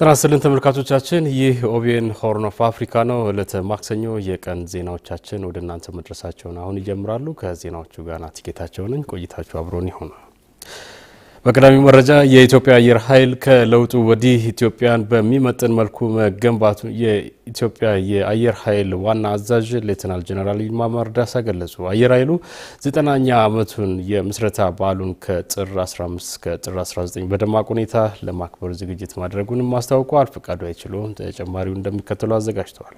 ጤና ይስጥልን ተመልካቾቻችን፣ ይህ ኦቢኤን ሆርን ኦፍ አፍሪካ ነው። እለተ ማክሰኞ የቀን ዜናዎቻችን ወደ እናንተ መድረሳቸውን አሁን ይጀምራሉ። ከዜናዎቹ ጋር ናት ቆይታችሁ አብሮን ይሆናል። በቀዳሚ መረጃ የኢትዮጵያ አየር ኃይል ከለውጡ ወዲህ ኢትዮጵያን በሚመጥን መልኩ መገንባቱ የኢትዮጵያ የአየር ኃይል ዋና አዛዥ ሌትናል ጀነራል ይልማ መርዳሳ ገለጹ። አየር ኃይሉ ዘጠናኛ ዓመቱን የምስረታ በዓሉን ከጥር 15 ከጥር 19 በደማቅ ሁኔታ ለማክበር ዝግጅት ማድረጉንም አስታውቀዋል። ፈቃዱ አይችሉም ተጨማሪው እንደሚከተሉ አዘጋጅተዋል።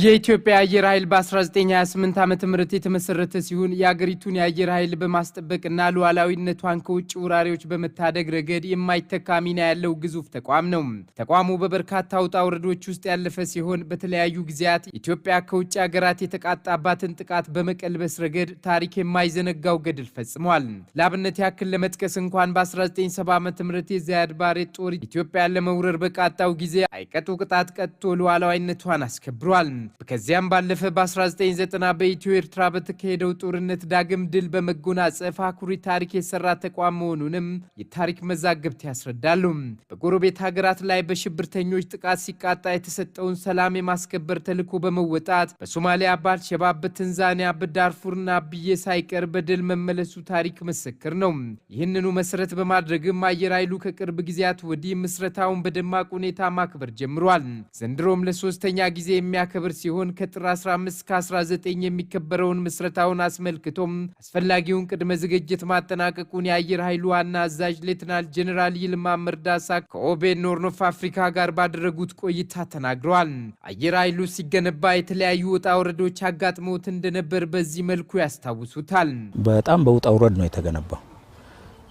የኢትዮጵያ አየር ኃይል በ1928 ዓ ም የተመሰረተ ሲሆን የአገሪቱን የአየር ኃይል በማስጠበቅና ሉዓላዊነቷን ከውጭ ወራሪዎች በመታደግ ረገድ የማይተካ ሚና ያለው ግዙፍ ተቋም ነው። ተቋሙ በበርካታ ውጣ ውረዶች ውስጥ ያለፈ ሲሆን በተለያዩ ጊዜያት ኢትዮጵያ ከውጭ ሀገራት የተቃጣባትን ጥቃት በመቀልበስ ረገድ ታሪክ የማይዘነጋው ገድል ፈጽሟል። ለአብነት ያክል ለመጥቀስ እንኳን በ1970 ዓ ም የዛያድ ባሬ ጦር ኢትዮጵያን ለመውረር በቃጣው ጊዜ አይቀጡ ቅጣት ቀጥቶ ሉዓላዊነቷን አስከብሯል። ከዚያም ባለፈ በ1990 በኢትዮ ኤርትራ በተካሄደው ጦርነት ዳግም ድል በመጎናጸፍ አኩሪ ታሪክ የሰራ ተቋም መሆኑንም የታሪክ መዛግብት ያስረዳሉ። በጎረቤት ሀገራት ላይ በሽብርተኞች ጥቃት ሲቃጣ የተሰጠውን ሰላም የማስከበር ተልዕኮ በመወጣት በሶማሊያ በአልሸባብ፣ በተንዛኒያ፣ በዳርፉርና ብዬ ሳይቀር በድል መመለሱ ታሪክ ምስክር ነው። ይህንኑ መሰረት በማድረግም አየር ኃይሉ ከቅርብ ጊዜያት ወዲህ ምስረታውን በደማቅ ሁኔታ ማክበር ጀምሯል። ዘንድሮም ለሶስተኛ ጊዜ የሚያከብር የሚከበር ሲሆን ከጥር 15 እስከ 19 የሚከበረውን ምስረታውን አስመልክቶም አስፈላጊውን ቅድመ ዝግጅት ማጠናቀቁን የአየር ኃይሉ ዋና አዛዥ ሌትናል ጄኔራል ይልማ መርዳሳ ከኦቤን ኖርን ኦፍ አፍሪካ ጋር ባደረጉት ቆይታ ተናግረዋል። አየር ኃይሉ ሲገነባ የተለያዩ ውጣ ውረዶች አጋጥመውት እንደነበር በዚህ መልኩ ያስታውሱታል። በጣም በውጣ ውረድ ነው የተገነባው።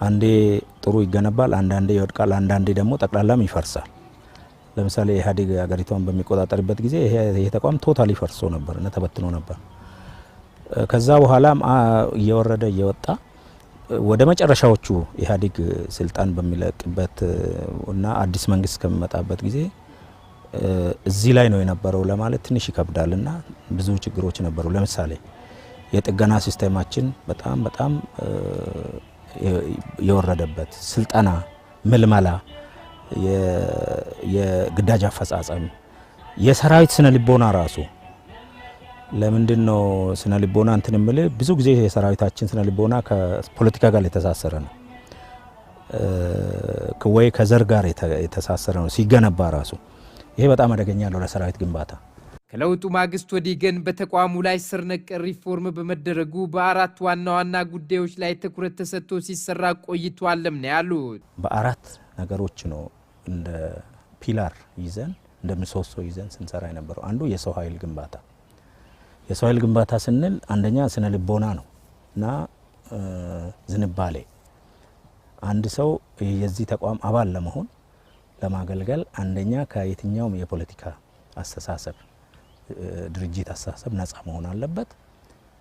አንዴ ጥሩ ይገነባል፣ አንዳንዴ ይወድቃል፣ አንዳንዴ ደግሞ ጠቅላላም ይፈርሳል። ለምሳሌ ኢህአዴግ ሀገሪቷን በሚቆጣጠርበት ጊዜ ይሄ ተቋም ቶታሊ ፈርሶ ነበር እና ተበትኖ ነበር። ከዛ በኋላም እየወረደ እየወጣ ወደ መጨረሻዎቹ ኢህአዴግ ስልጣን በሚለቅበት እና አዲስ መንግስት ከሚመጣበት ጊዜ እዚህ ላይ ነው የነበረው ለማለት ትንሽ ይከብዳል እና ብዙ ችግሮች ነበሩ። ለምሳሌ የጥገና ሲስተማችን በጣም በጣም የወረደበት ስልጠና፣ ምልመላ የግዳጅ አፈጻጸም፣ የሰራዊት ስነ ልቦና ራሱ ለምንድን ነው ስነ ልቦና እንትን ምል ብዙ ጊዜ የሰራዊታችን ስነ ልቦና ከፖለቲካ ጋር የተሳሰረ ነው ወይ ከዘር ጋር የተሳሰረ ነው ሲገነባ ራሱ። ይሄ በጣም አደገኛ ነው ለሰራዊት ግንባታ። ከለውጡ ማግስት ወዲህ ግን በተቋሙ ላይ ስር ነቀል ሪፎርም በመደረጉ በአራት ዋና ዋና ጉዳዮች ላይ ትኩረት ተሰጥቶ ሲሰራ ቆይቷልም ነው ያሉት። በአራት ነገሮች ነው እንደ ፒላር ይዘን እንደ ምሰሶ ይዘን ስንሰራ የነበረው አንዱ የሰው ኃይል ግንባታ። የሰው ኃይል ግንባታ ስንል አንደኛ ስነ ልቦና ነው እና ዝንባሌ። አንድ ሰው የዚህ ተቋም አባል ለመሆን ለማገልገል አንደኛ ከየትኛውም የፖለቲካ አስተሳሰብ ድርጅት አስተሳሰብ ነጻ መሆን አለበት።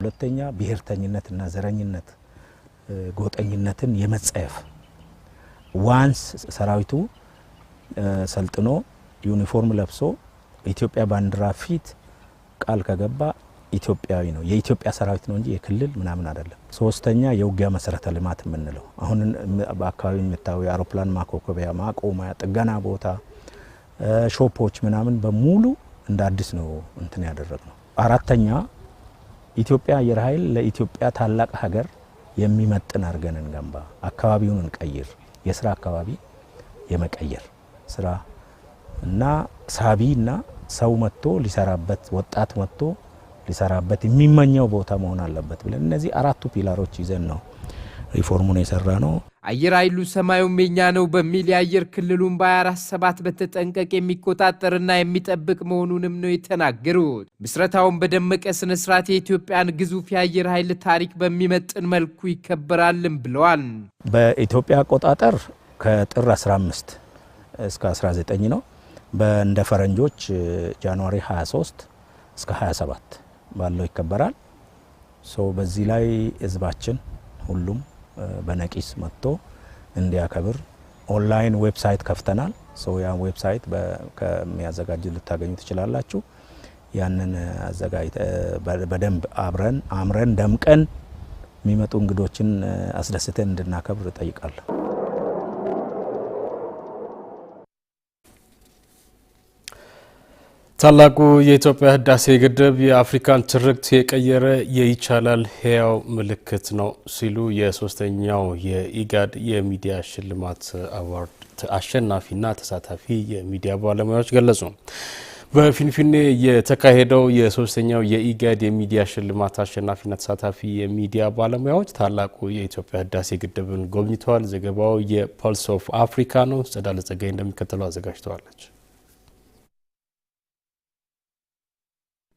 ሁለተኛ ብሔርተኝነትና ዘረኝነት ጎጠኝነትን የመጸየፍ ዋንስ ሰራዊቱ ሰልጥኖ ዩኒፎርም ለብሶ ኢትዮጵያ ባንዲራ ፊት ቃል ከገባ ኢትዮጵያዊ ነው። የኢትዮጵያ ሰራዊት ነው እንጂ የክልል ምናምን አይደለም። ሶስተኛ የውጊያ መሰረተ ልማት የምንለው አሁን በአካባቢ የምታዩ የአውሮፕላን ማኮኮቢያ፣ ማቆሚያ፣ ጥገና ቦታ፣ ሾፖች ምናምን በሙሉ እንደ አዲስ ነው እንትን ያደረግ ነው። አራተኛ ኢትዮጵያ አየር ኃይል ለኢትዮጵያ ታላቅ ሀገር የሚመጥን አድርገን እንገንባ፣ አካባቢውን እንቀይር፣ የስራ አካባቢ የመቀየር ስራ እና ሳቢ እና ሰው መጥቶ ሊሰራበት ወጣት መጥቶ ሊሰራበት የሚመኘው ቦታ መሆን አለበት ብለን እነዚህ አራቱ ፒላሮች ይዘን ነው ሪፎርሙን የሰራ ነው። አየር ኃይሉ ሰማዩም የኛ ነው በሚል የአየር ክልሉን በ24 ሰባት በተጠንቀቅ የሚቆጣጠርና የሚጠብቅ መሆኑንም ነው የተናገሩት። ምስረታውን በደመቀ ስነ ስርዓት የኢትዮጵያን ግዙፍ የአየር ኃይል ታሪክ በሚመጥን መልኩ ይከበራልም ብለዋል። በኢትዮጵያ አቆጣጠር ከጥር 15 እስከ 19 ነው። በእንደ ፈረንጆች ጃንዋሪ 23 እስከ 27 ባለው ይከበራል። ሶ በዚህ ላይ ህዝባችን ሁሉም በነቂስ መጥቶ እንዲያከብር ኦንላይን ዌብሳይት ከፍተናል። ሶ ያ ዌብሳይት ከሚያዘጋጅ ልታገኙ ትችላላችሁ። ያንን አዘጋጅ በደንብ አብረን አምረን ደምቀን የሚመጡ እንግዶችን አስደስተን እንድናከብር እጠይቃለሁ። ታላቁ የኢትዮጵያ ህዳሴ ግድብ የአፍሪካን ትርክት የቀየረ የይቻላል ህያው ምልክት ነው ሲሉ የሶስተኛው የኢጋድ የሚዲያ ሽልማት አዋርድ አሸናፊና ተሳታፊ የሚዲያ ባለሙያዎች ገለጹ። በፊንፊኔ የተካሄደው የሶስተኛው የኢጋድ የሚዲያ ሽልማት አሸናፊና ተሳታፊ የሚዲያ ባለሙያዎች ታላቁ የኢትዮጵያ ህዳሴ ግድብን ጎብኝተዋል። ዘገባው የፖልስ ኦፍ አፍሪካ ነው። ጸዳለ ጸጋይ እንደሚከተለው አዘጋጅተዋለች።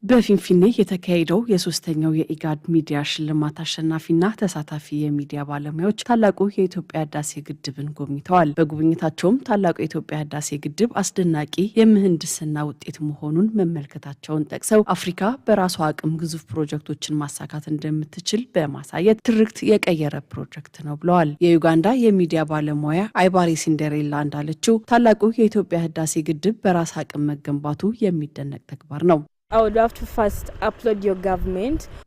በፊንፊኔ የተካሄደው የሶስተኛው የኢጋድ ሚዲያ ሽልማት አሸናፊና ተሳታፊ የሚዲያ ባለሙያዎች ታላቁ የኢትዮጵያ ህዳሴ ግድብን ጎብኝተዋል። በጉብኝታቸውም ታላቁ የኢትዮጵያ ህዳሴ ግድብ አስደናቂ የምህንድስና ውጤት መሆኑን መመልከታቸውን ጠቅሰው አፍሪካ በራሷ አቅም ግዙፍ ፕሮጀክቶችን ማሳካት እንደምትችል በማሳየት ትርክት የቀየረ ፕሮጀክት ነው ብለዋል። የዩጋንዳ የሚዲያ ባለሙያ አይባሪ ሲንደሬላ እንዳለችው ታላቁ የኢትዮጵያ ህዳሴ ግድብ በራስ አቅም መገንባቱ የሚደነቅ ተግባር ነው።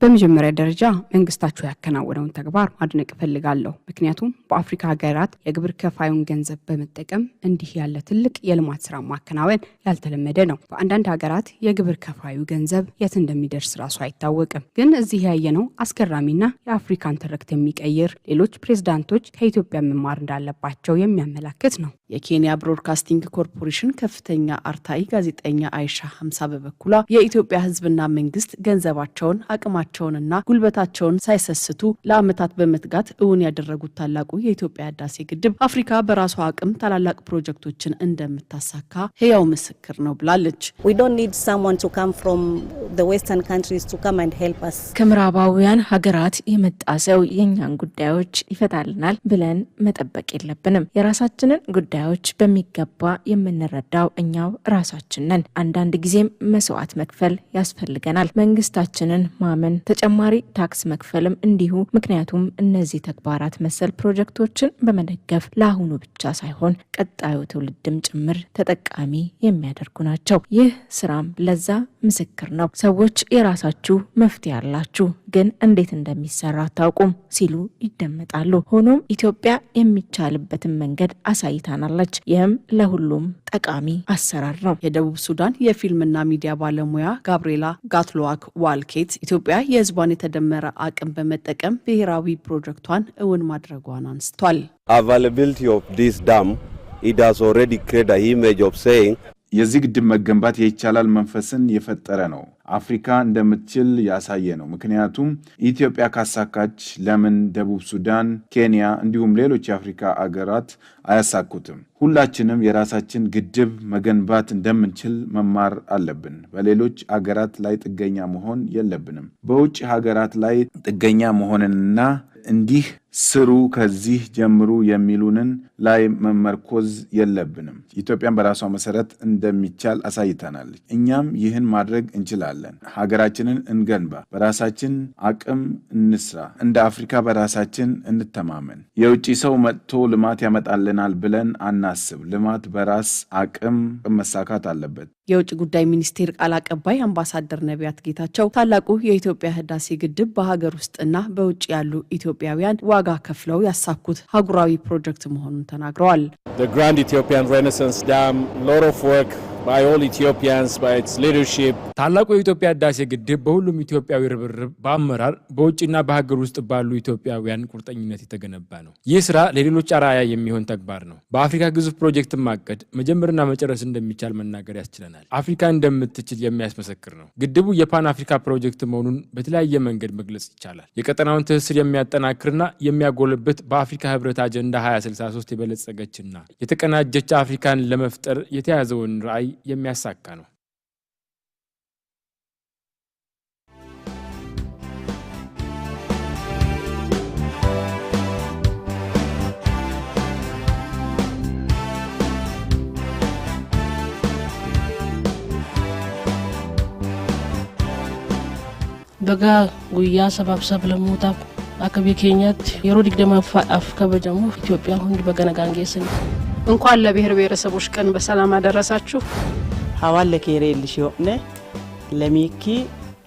በመጀመሪያ ደረጃ መንግስታቸው ያከናወነውን ተግባር ማድነቅ እፈልጋለሁ። ምክንያቱም በአፍሪካ ሀገራት የግብር ከፋዩን ገንዘብ በመጠቀም እንዲህ ያለ ትልቅ የልማት ስራ ማከናወን ያልተለመደ ነው። በአንዳንድ ሀገራት የግብር ከፋዩ ገንዘብ የት እንደሚደርስ ራሱ አይታወቅም። ግን እዚህ ያየነው አስገራሚና የአፍሪካን ትርክት የሚቀይር ሌሎች ፕሬዝዳንቶች ከኢትዮጵያ መማር እንዳለባቸው የሚያመላክት ነው። የኬንያ ብሮድካስቲንግ ኮርፖሬሽን ከፍተኛ አርታይ ጋዜጠኛ አይሻ ሀምሳ በበኩላ የኢትዮጵያ ሕዝብና መንግስት ገንዘባቸውን አቅማቸውንና ጉልበታቸውን ሳይሰስቱ ለዓመታት በመትጋት እውን ያደረጉት ታላቁ የኢትዮጵያ ህዳሴ ግድብ አፍሪካ በራሷ አቅም ታላላቅ ፕሮጀክቶችን እንደምታሳካ ህያው ምስክር ነው ብላለች። ከምዕራባውያን ሀገራት የመጣ ሰው የእኛን ጉዳዮች ይፈታልናል ብለን መጠበቅ የለብንም። የራሳችንን ጉዳይ ጉዳዮች በሚገባ የምንረዳው እኛው ራሳችን ነን። አንዳንድ ጊዜም መስዋዕት መክፈል ያስፈልገናል። መንግስታችንን ማመን፣ ተጨማሪ ታክስ መክፈልም እንዲሁ። ምክንያቱም እነዚህ ተግባራት መሰል ፕሮጀክቶችን በመደገፍ ለአሁኑ ብቻ ሳይሆን ቀጣዩ ትውልድም ጭምር ተጠቃሚ የሚያደርጉ ናቸው። ይህ ስራም ለዛ ምስክር ነው። ሰዎች የራሳችሁ መፍትሄ አላችሁ ግን እንዴት እንደሚሰራ አታውቁም ሲሉ ይደመጣሉ። ሆኖም ኢትዮጵያ የሚቻልበትን መንገድ አሳይታናለች። ይህም ለሁሉም ጠቃሚ አሰራር ነው። የደቡብ ሱዳን የፊልምና ሚዲያ ባለሙያ ጋብሪኤላ ጋትሎዋክ ዋልኬት ኢትዮጵያ የሕዝቧን የተደመረ አቅም በመጠቀም ብሔራዊ ፕሮጀክቷን እውን ማድረጓን አንስቷል። አቫይላቢሊቲ ኦፍ ዲስ ዳም ኢት ኦልሬዲ ኢሜጅ ኦፍ ሴይንግ የዚህ ግድብ መገንባት የይቻላል መንፈስን የፈጠረ ነው። አፍሪካ እንደምትችል ያሳየ ነው። ምክንያቱም ኢትዮጵያ ካሳካች ለምን ደቡብ ሱዳን፣ ኬንያ እንዲሁም ሌሎች የአፍሪካ አገራት አያሳኩትም? ሁላችንም የራሳችን ግድብ መገንባት እንደምንችል መማር አለብን። በሌሎች አገራት ላይ ጥገኛ መሆን የለብንም። በውጭ ሀገራት ላይ ጥገኛ መሆንንና እንዲህ ስሩ ከዚህ ጀምሩ የሚሉንን ላይ መመርኮዝ የለብንም። ኢትዮጵያን በራሷ መሰረት እንደሚቻል አሳይተናለች። እኛም ይህን ማድረግ እንችላለን። ሀገራችንን እንገንባ፣ በራሳችን አቅም እንስራ፣ እንደ አፍሪካ በራሳችን እንተማመን። የውጭ ሰው መጥቶ ልማት ያመጣልናል ብለን አናስብ። ልማት በራስ አቅም መሳካት አለበት። የውጭ ጉዳይ ሚኒስቴር ቃል አቀባይ አምባሳደር ነቢያት ጌታቸው ታላቁ የኢትዮጵያ ህዳሴ ግድብ በሀገር ውስጥና በውጭ ያሉ ኢትዮጵያውያን ዋጋ ከፍለው ያሳኩት ሀጉራዊ ፕሮጀክት መሆኑን ተናግረዋል። ግራንድ ኢትዮጵያን ሬኔሳንስ ዳም ሎት ኦፍ ወርክ ታላቁ የኢትዮጵያ ህዳሴ ግድብ በሁሉም ኢትዮጵያዊ ርብርብ፣ በአመራር በውጭና በሀገር ውስጥ ባሉ ኢትዮጵያውያን ቁርጠኝነት የተገነባ ነው። ይህ ስራ ለሌሎች አርአያ የሚሆን ተግባር ነው። በአፍሪካ ግዙፍ ፕሮጀክት ማቀድ መጀመርና መጨረስ እንደሚቻል መናገር ያስችለናል። አፍሪካ እንደምትችል የሚያስመሰክር ነው። ግድቡ የፓን አፍሪካ ፕሮጀክት መሆኑን በተለያየ መንገድ መግለጽ ይቻላል። የቀጠናውን ትስስር የሚያጠናክርና የሚያጎልብት በአፍሪካ ህብረት አጀንዳ 2063 የበለጸገችና የተቀናጀች አፍሪካን ለመፍጠር የተያዘውን ራዕይ የሚያሳካ ነው። በጋ ጉያ ሰባብሰብ ለሞታ አከቤ ኬኛት የሮ ዲግደማ አፍ ከበጀሙ ኢትዮጵያ ሁንድ በገነጋንጌስን እንኳን ለብሔር ብሔረሰቦች ቀን በሰላም አደረሳችሁ። ሀዋን ልሽ ሲሆነ ለሚኪ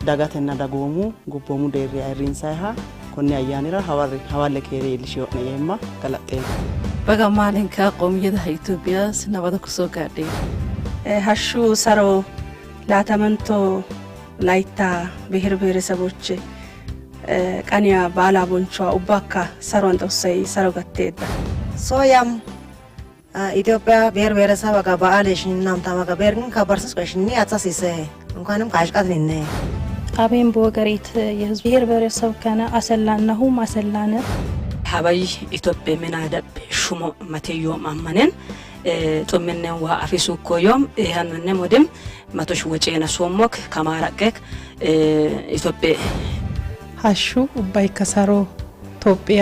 ዳጋተና ዳጎሙ ጉቦሙ ደሪ አይሪን አይሪንሳይሃ ኮኒ አያኒራ ሀዋን ልሽ ሲሆነ የማ ቀላጤ በጋማሊንካ ቆምየዳ ኢትዮጵያ ስናባተ ኩሶ ጋዴ ሀሹ ሰሮ ላተመንቶ ላይታ ብሔር ብሔረሰቦች ቀንያ ባላ ቦንቿ ኡባካ ሰሮን ጠውሰይ ሰሮ ገቴ ሶያም ኢትዮጵያ ብሔር ብሔረሰብ አቃ በአሌሽን ናምታማ ቃ ብሔርን ከበርሰስ ቆሽኒ አጻሲሰ እንኳንም ካሽቃት ኒነ አቤን በወገሪት የህዝብ ብሔር ብሔረሰብ ከነ አሰላነሁ ማሰላነ ሀበይ ኢትዮጵያ ምን ሹሞ መቴዮ ማመንን ጡምንን ዋ አፊሱ ኮዮም ይህንን ወድም መቶሽ ወጪ ነሶሞክ ከማረቀክ ኢትዮጵያ ሀሹ ባይ ከሰሮ ኢትዮጵያ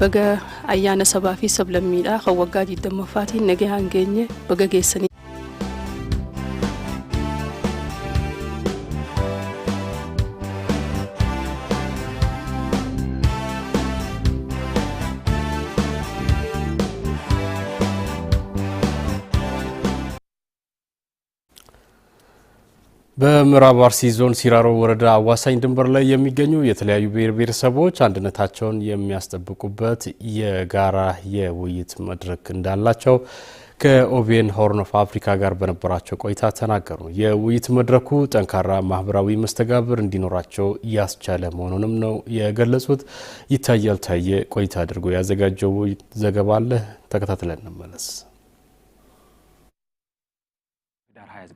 በገ አያነ ሰባፊ ሰብለሚዳ ከወጋጅ ደመፋቲ ነገ አንገኘ በገ ጌሰኒ በምዕራብ አርሲ ዞን ሲራሮ ወረዳ አዋሳኝ ድንበር ላይ የሚገኙ የተለያዩ ብሔር ብሔረሰቦች አንድነታቸውን የሚያስጠብቁበት የጋራ የውይይት መድረክ እንዳላቸው ከኦቤን ሆርን ኦፍ አፍሪካ ጋር በነበራቸው ቆይታ ተናገሩ። የውይይት መድረኩ ጠንካራ ማህበራዊ መስተጋብር እንዲኖራቸው ያስቻለ መሆኑንም ነው የገለጹት። ይታያል ታየ ቆይታ አድርጎ ያዘጋጀው ዘገባ አለ፣ ተከታትለን እንመለስ።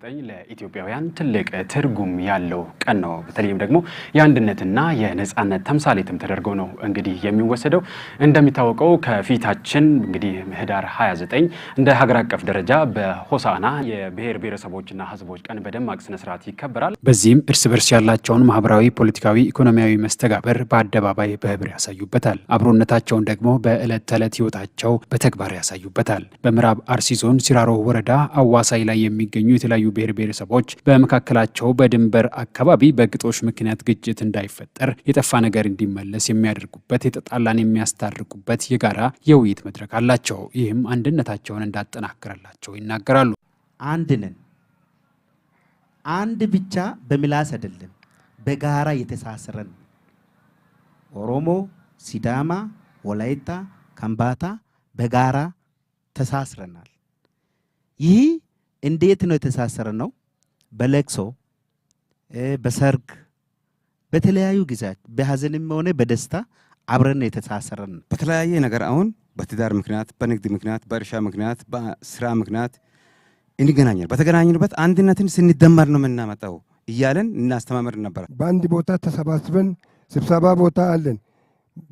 ዘጠኝ ለኢትዮጵያውያን ትልቅ ትርጉም ያለው ቀን ነው። በተለይም ደግሞ የአንድነትና የነጻነት ተምሳሌትም ተደርገው ነው እንግዲህ የሚወሰደው። እንደሚታወቀው ከፊታችን እንግዲህ ህዳር 29 እንደ ሀገር አቀፍ ደረጃ በሆሳና የብሔር ብሔረሰቦችና ህዝቦች ቀን በደማቅ ስነስርዓት ይከበራል። በዚህም እርስ በርስ ያላቸውን ማህበራዊ፣ ፖለቲካዊ፣ ኢኮኖሚያዊ መስተጋበር በአደባባይ በህብር ያሳዩበታል። አብሮነታቸውን ደግሞ በዕለት ተዕለት ህይወታቸው በተግባር ያሳዩበታል። በምዕራብ አርሲ ዞን ሲራሮ ወረዳ አዋሳይ ላይ የሚገኙ የተለያዩ ብሔር ብሔረሰቦች በመካከላቸው በድንበር አካባቢ በግጦሽ ምክንያት ግጭት እንዳይፈጠር የጠፋ ነገር እንዲመለስ የሚያደርጉበት የተጣላን የሚያስታርቁበት የጋራ የውይይት መድረክ አላቸው። ይህም አንድነታቸውን እንዳጠናክረላቸው ይናገራሉ። አንድ ነን። አንድ ብቻ በምላስ አይደለም፣ በጋራ የተሳሰረን ኦሮሞ፣ ሲዳማ፣ ወላይታ፣ ከምባታ በጋራ ተሳስረናል። ይህ እንዴት ነው የተሳሰረ ነው? በለቅሶ በሰርግ በተለያዩ ጊዜያት በሀዘንም ሆነ በደስታ አብረን የተሳሰረን በተለያየ ነገር አሁን በትዳር ምክንያት፣ በንግድ ምክንያት፣ በእርሻ ምክንያት፣ በስራ ምክንያት እንገናኛል። በተገናኝንበት አንድነትን ስንደመር ነው የምናመጣው እያለን እናስተማመር ነበር። በአንድ ቦታ ተሰባስበን ስብሰባ ቦታ አለን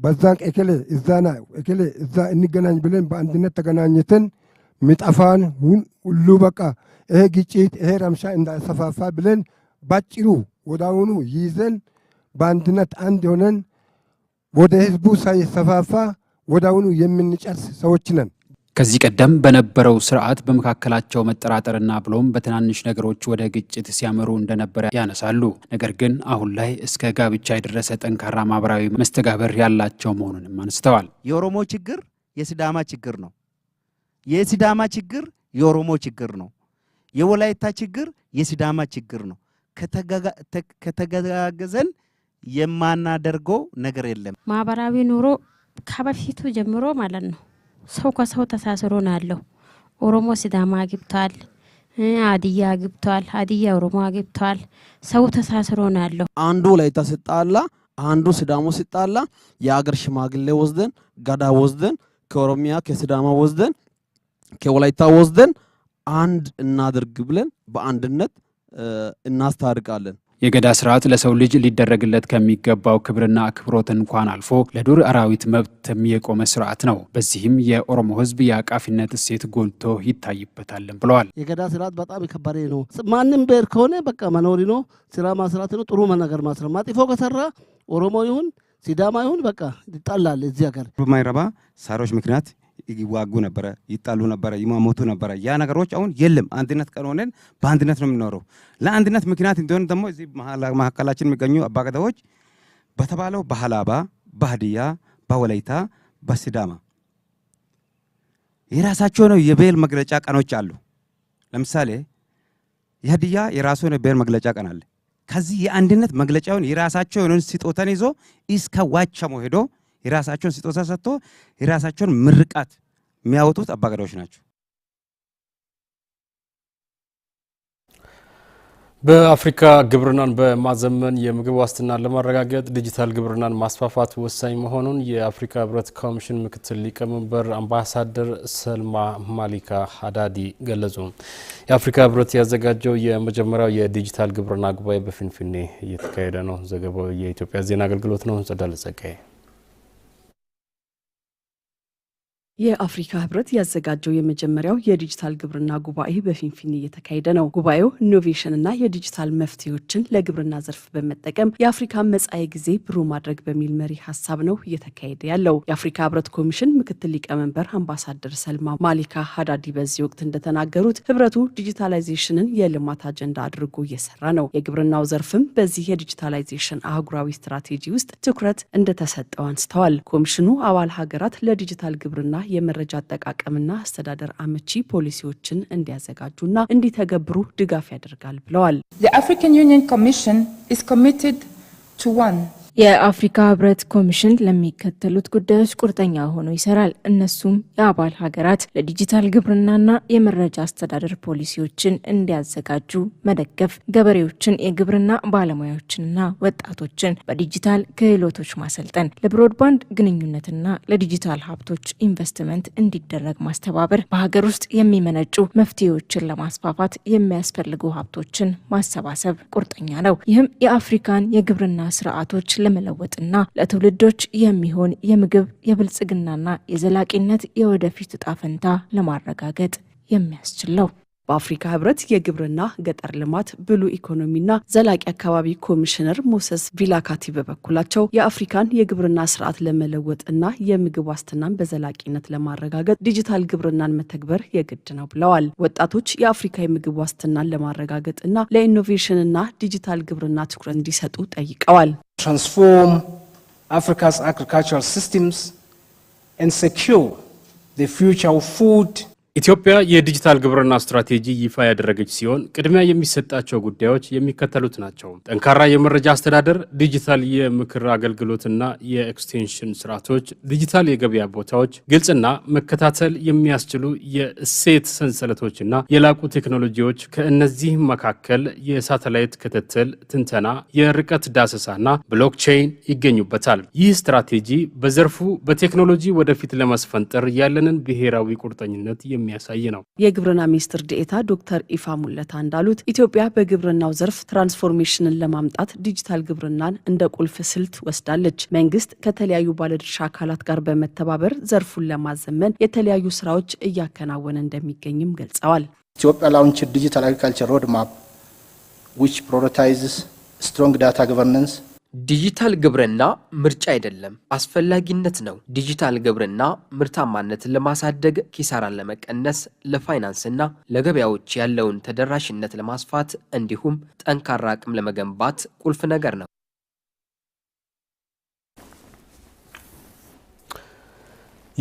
በዛን እክል እዛና እክል እዛ እንገናኝ ብለን በአንድነት ተገናኝተን ሚጠፋን ሁሉ በቃ ይሄ ግጭት ይሄ ረምሻ እንዳይሰፋፋ ብለን ባጭሩ ወዳውኑ ይዘን በአንድነት አንድ ሆነን ወደ ህዝቡ ሳይሰፋፋ ወዳውኑ የምንጨርስ ሰዎች ነን። ከዚህ ቀደም በነበረው ስርዓት በመካከላቸው መጠራጠርና ብሎም በትናንሽ ነገሮች ወደ ግጭት ሲያመሩ እንደነበረ ያነሳሉ። ነገር ግን አሁን ላይ እስከ ጋብቻ የደረሰ ጠንካራ ማህበራዊ መስተጋበር ያላቸው መሆኑንም አንስተዋል። የኦሮሞ ችግር የስዳማ ችግር ነው። የሲዳማ ችግር የኦሮሞ ችግር ነው። የወላይታ ችግር የሲዳማ ችግር ነው። ከተጋገዘን የማናደርገው ነገር የለም። ማህበራዊ ኑሮ ከበፊቱ ጀምሮ ማለት ነው ሰው ከሰው ተሳስሮ ነው ያለው። ኦሮሞ ሲዳማ አግብቷል፣ አድያ አግብቷል፣ አድያ ኦሮሞ አግብቷል። ሰው ተሳስሮ ነው ያለው። አንዱ ወላይታ ስጣላ አንዱ ሲዳሞ ሲጣላ የአገር ሽማግሌ ወስደን ገዳ ወስደን ከኦሮሚያ ከሲዳማ ወስደን ከወላይታ ወስደን አንድ እናድርግ ብለን በአንድነት እናስታርቃለን። የገዳ ስርዓት ለሰው ልጅ ሊደረግለት ከሚገባው ክብርና አክብሮት እንኳን አልፎ ለዱር አራዊት መብት የቆመ ስርዓት ነው። በዚህም የኦሮሞ ሕዝብ የአቃፊነት እሴት ጎልቶ ይታይበታልም ብለዋል። የገዳ ስርዓት በጣም የከበረ ነው። ማንም ብሔር ከሆነ በቃ መኖሪ ነው፣ ስራ ማስራት ነው፣ ጥሩ ነገር ማስራት። ማጥፎ ከሰራ ኦሮሞ ይሁን ሲዳማ ይሁን በቃ ይጣላል። እዚህ ሀገር በማይረባ ሳሮች ምክንያት ይዋጉ ነበረ፣ ይጣሉ ነበረ፣ ይማሞቱ ነበረ። ያ ነገሮች አሁን የለም። አንድነት ቀን ሆነን በአንድነት ነው የምንኖረው። ለአንድነት ምክንያት እንደሆነ ደግሞ እዚህ መካከላችን የሚገኙ አባገዳዎች በተባለው በሀላባ፣ በሀዲያ፣ በወላይታ፣ በሲዳማ የራሳቸው ነው የብሔር መግለጫ ቀኖች አሉ። ለምሳሌ የሀዲያ የራሱ ነው የብሔር መግለጫ ቀን አለ። ከዚህ የአንድነት መግለጫውን የራሳቸው የሆነን ስጦታን ይዞ እስከ ዋቸሞ ሄዶ የራሳቸውን ስጦታ ሰጥቶ የራሳቸውን ምርቃት የሚያወጡት አባገዳዎች ናቸው። በአፍሪካ ግብርናን በማዘመን የምግብ ዋስትናን ለማረጋገጥ ዲጂታል ግብርናን ማስፋፋት ወሳኝ መሆኑን የአፍሪካ ሕብረት ኮሚሽን ምክትል ሊቀመንበር አምባሳደር ሰልማ ማሊካ ሀዳዲ ገለጹ። የአፍሪካ ሕብረት ያዘጋጀው የመጀመሪያው የዲጂታል ግብርና ጉባኤ በፊንፊኔ እየተካሄደ ነው። ዘገባው የኢትዮጵያ ዜና አገልግሎት ነው። ጸዳለ ጸጋዬ የአፍሪካ ህብረት ያዘጋጀው የመጀመሪያው የዲጂታል ግብርና ጉባኤ በፊንፊኔ እየተካሄደ ነው። ጉባኤው ኢኖቬሽንና የዲጂታል መፍትሄዎችን ለግብርና ዘርፍ በመጠቀም የአፍሪካን መጻኢ ጊዜ ብሩህ ማድረግ በሚል መሪ ሀሳብ ነው እየተካሄደ ያለው። የአፍሪካ ህብረት ኮሚሽን ምክትል ሊቀመንበር አምባሳደር ሰልማ ማሊካ ሀዳዲ በዚህ ወቅት እንደተናገሩት ህብረቱ ዲጂታላይዜሽንን የልማት አጀንዳ አድርጎ እየሰራ ነው። የግብርናው ዘርፍም በዚህ የዲጂታላይዜሽን አህጉራዊ ስትራቴጂ ውስጥ ትኩረት እንደተሰጠው አንስተዋል። ኮሚሽኑ አባል ሀገራት ለዲጂታል ግብርና የመረጃ አጠቃቀምና አስተዳደር አመቺ ፖሊሲዎችን እንዲያዘጋጁና እንዲተገብሩ ድጋፍ ያደርጋል ብለዋል። The African Union Commission is committed to one የአፍሪካ ህብረት ኮሚሽን ለሚከተሉት ጉዳዮች ቁርጠኛ ሆኖ ይሰራል። እነሱም የአባል ሀገራት ለዲጂታል ግብርናና የመረጃ አስተዳደር ፖሊሲዎችን እንዲያዘጋጁ መደገፍ፣ ገበሬዎችን፣ የግብርና ባለሙያዎችንና ወጣቶችን በዲጂታል ክህሎቶች ማሰልጠን፣ ለብሮድባንድ ግንኙነትና ለዲጂታል ሀብቶች ኢንቨስትመንት እንዲደረግ ማስተባበር፣ በሀገር ውስጥ የሚመነጩ መፍትሄዎችን ለማስፋፋት የሚያስፈልጉ ሀብቶችን ማሰባሰብ ቁርጠኛ ነው። ይህም የአፍሪካን የግብርና ስርዓቶች ለመለወጥና ለትውልዶች የሚሆን የምግብ የብልጽግናና የዘላቂነት የወደፊት እጣ ፈንታ ለማረጋገጥ የሚያስችል ነው። በአፍሪካ ህብረት የግብርና ገጠር ልማት ብሉ ኢኮኖሚና ዘላቂ አካባቢ ኮሚሽነር ሞሰስ ቪላካቲ በበኩላቸው የአፍሪካን የግብርና ስርዓት ለመለወጥና የምግብ ዋስትናን በዘላቂነት ለማረጋገጥ ዲጂታል ግብርናን መተግበር የግድ ነው ብለዋል። ወጣቶች የአፍሪካ የምግብ ዋስትናን ለማረጋገጥና ለኢኖቬሽንና ዲጂታል ግብርና ትኩረት እንዲሰጡ ጠይቀዋል። ትራንስፎርም አፍሪካስ አግሪካልቸራል ሲስተምስ ኤንድ ሴኪዩር ዘ ፊውቸር ፉድ ኢትዮጵያ የዲጂታል ግብርና ስትራቴጂ ይፋ ያደረገች ሲሆን ቅድሚያ የሚሰጣቸው ጉዳዮች የሚከተሉት ናቸው። ጠንካራ የመረጃ አስተዳደር፣ ዲጂታል የምክር አገልግሎትና የኤክስቴንሽን ስርዓቶች፣ ዲጂታል የገበያ ቦታዎች፣ ግልጽና መከታተል የሚያስችሉ የእሴት ሰንሰለቶችና የላቁ ቴክኖሎጂዎች። ከእነዚህ መካከል የሳተላይት ክትትል፣ ትንተና፣ የርቀት ዳሰሳና ብሎክቼይን ይገኙበታል። ይህ ስትራቴጂ በዘርፉ በቴክኖሎጂ ወደፊት ለማስፈንጠር ያለንን ብሔራዊ ቁርጠኝነት የሚ የሚያሳይ ነው። የግብርና ሚኒስትር ዴኤታ ዶክተር ኢፋ ሙለታ እንዳሉት ኢትዮጵያ በግብርናው ዘርፍ ትራንስፎርሜሽንን ለማምጣት ዲጂታል ግብርናን እንደ ቁልፍ ስልት ወስዳለች። መንግስት ከተለያዩ ባለድርሻ አካላት ጋር በመተባበር ዘርፉን ለማዘመን የተለያዩ ስራዎች እያከናወነ እንደሚገኝም ገልጸዋል። ኢትዮጵያ ላውንች ዲጂታል አግሪካልቸር ሮድማፕ ዊች ፕራዮሪታይዝስ ስትሮንግ ዳታ ገቨርነንስ ዲጂታል ግብርና ምርጫ አይደለም፣ አስፈላጊነት ነው። ዲጂታል ግብርና ምርታማነትን ለማሳደግ፣ ኪሳራን ለመቀነስ፣ ለፋይናንስና ለገበያዎች ያለውን ተደራሽነት ለማስፋት እንዲሁም ጠንካራ አቅም ለመገንባት ቁልፍ ነገር ነው።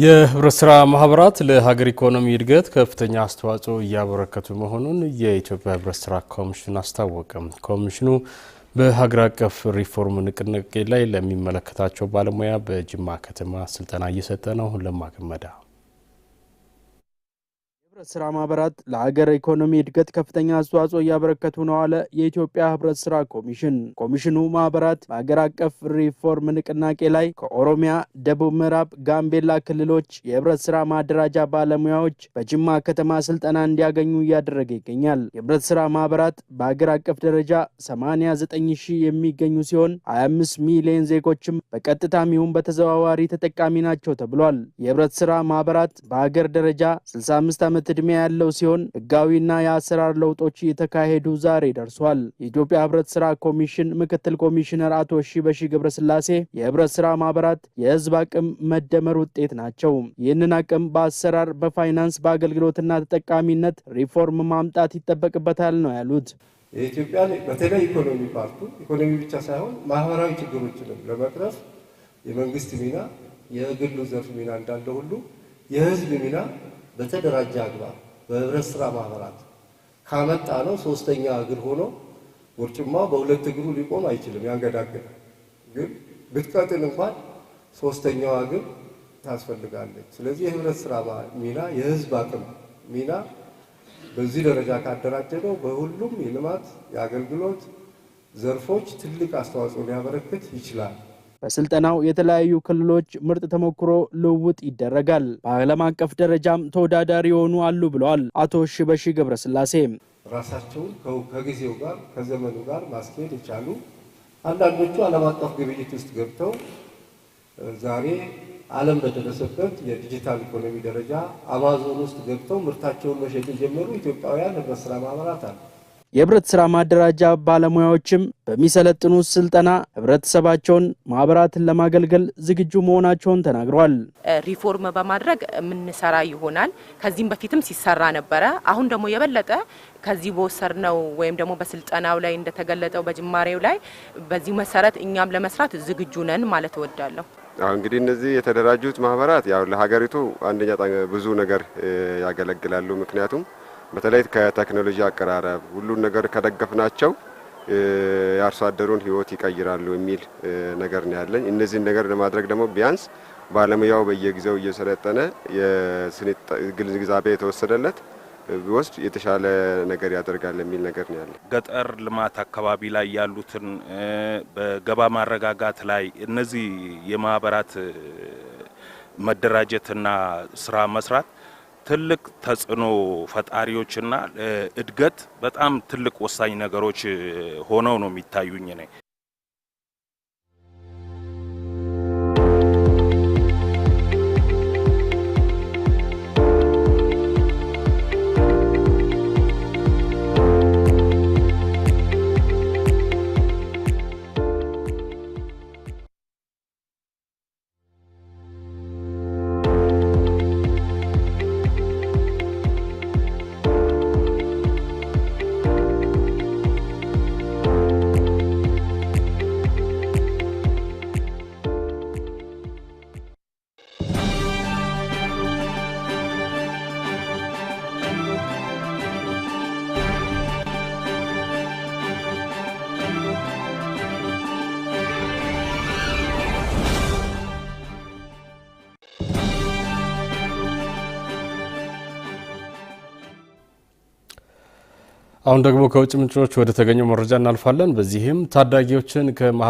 የህብረት ስራ ማህበራት ለሀገር ኢኮኖሚ እድገት ከፍተኛ አስተዋጽኦ እያበረከቱ መሆኑን የኢትዮጵያ ህብረት ስራ ኮሚሽን አስታወቀ። ኮሚሽኑ በሀገር አቀፍ ሪፎርም ንቅናቄ ላይ ለሚመለከታቸው ባለሙያ በጅማ ከተማ ስልጠና እየሰጠ ነው። ለማ ገመዳ ህብረት ስራ ማህበራት ለሀገር ኢኮኖሚ እድገት ከፍተኛ አስተዋጽኦ እያበረከቱ ነው አለ የኢትዮጵያ ህብረት ስራ ኮሚሽን። ኮሚሽኑ ማህበራት በሀገር አቀፍ ሪፎርም ንቅናቄ ላይ ከኦሮሚያ፣ ደቡብ ምዕራብ፣ ጋምቤላ ክልሎች የህብረት ስራ ማደራጃ ባለሙያዎች በጅማ ከተማ ስልጠና እንዲያገኙ እያደረገ ይገኛል። የህብረት ስራ ማህበራት በሀገር አቀፍ ደረጃ 89 ሺህ የሚገኙ ሲሆን 25 ሚሊዮን ዜጎችም በቀጥታም ይሁን በተዘዋዋሪ ተጠቃሚ ናቸው ተብሏል። የህብረት ስራ ማህበራት በሀገር ደረጃ 65 ዓመት ዓመት ዕድሜ ያለው ሲሆን ሕጋዊና የአሰራር ለውጦች እየተካሄዱ ዛሬ ደርሷል። የኢትዮጵያ ህብረት ስራ ኮሚሽን ምክትል ኮሚሽነር አቶ ሺበሺ ገብረስላሴ የህብረት ስራ ማህበራት የህዝብ አቅም መደመር ውጤት ናቸው። ይህንን አቅም በአሰራር በፋይናንስ በአገልግሎትና ተጠቃሚነት ሪፎርም ማምጣት ይጠበቅበታል ነው ያሉት። የኢትዮጵያ በተለይ ኢኮኖሚ ፓርቱ ኢኮኖሚ ብቻ ሳይሆን ማህበራዊ ችግሮችንም ለመቅረፍ የመንግስት ሚና የግሉ ዘርፍ ሚና እንዳለ ሁሉ የህዝብ ሚና በተደራጀ አግባብ በህብረት ስራ ማህበራት ካመጣ ነው ሶስተኛ እግር ሆኖ ውርጭማው በሁለት እግሩ ሊቆም አይችልም፣ ያንገዳግዳል። ግን ብትቀጥል እንኳን ሶስተኛዋ እግር ታስፈልጋለች። ስለዚህ የህብረት ስራ ሚና የህዝብ አቅም ሚና በዚህ ደረጃ ካደራጀ ነው በሁሉም የልማት የአገልግሎት ዘርፎች ትልቅ አስተዋጽኦ ሊያበረክት ይችላል። በስልጠናው የተለያዩ ክልሎች ምርጥ ተሞክሮ ልውውጥ ይደረጋል። በዓለም አቀፍ ደረጃም ተወዳዳሪ የሆኑ አሉ ብለዋል አቶ ሽበሺ ገብረስላሴ። ራሳቸውን ከጊዜው ጋር ከዘመኑ ጋር ማስኬድ የቻሉ አንዳንዶቹ ዓለም አቀፍ ግብይት ውስጥ ገብተው ዛሬ ዓለም በደረሰበት የዲጂታል ኢኮኖሚ ደረጃ አማዞን ውስጥ ገብተው ምርታቸውን መሸጥ የጀመሩ ኢትዮጵያውያን ህብረት ስራ ማህበራት አሉ። የህብረት ስራ ማደራጃ ባለሙያዎችም በሚሰለጥኑ ስልጠና ህብረተሰባቸውን፣ ማህበራትን ለማገልገል ዝግጁ መሆናቸውን ተናግረዋል። ሪፎርም በማድረግ የምንሰራ ይሆናል። ከዚህም በፊትም ሲሰራ ነበረ። አሁን ደግሞ የበለጠ ከዚህ በወሰድነው ወይም ደግሞ በስልጠናው ላይ እንደተገለጠው በጅማሬው ላይ በዚህ መሰረት እኛም ለመስራት ዝግጁ ነን ማለት እወዳለሁ። አሁን እንግዲህ እነዚህ የተደራጁት ማህበራት ያው ለሀገሪቱ አንደኛ ብዙ ነገር ያገለግላሉ። ምክንያቱም በተለይ ከቴክኖሎጂ አቀራረብ ሁሉን ነገር ከደገፍናቸው የአርሶ አደሩን ህይወት ይቀይራሉ የሚል ነገር ነው ያለኝ። እነዚህን ነገር ለማድረግ ደግሞ ቢያንስ ባለሙያው በየጊዜው እየሰለጠነ ግንዛቤ የተወሰደለት ቢወስድ የተሻለ ነገር ያደርጋል የሚል ነገር ነው ያለ። ገጠር ልማት አካባቢ ላይ ያሉትን በገባ ማረጋጋት ላይ እነዚህ የማህበራት መደራጀትና ስራ መስራት ትልቅ ተጽዕኖ ፈጣሪዎችና እድገት በጣም ትልቅ ወሳኝ ነገሮች ሆነው ነው የሚታዩኝ። አሁን ደግሞ ከውጭ ምንጮች ወደ ተገኘው መረጃ እናልፋለን። በዚህም ታዳጊዎችን ከማህበ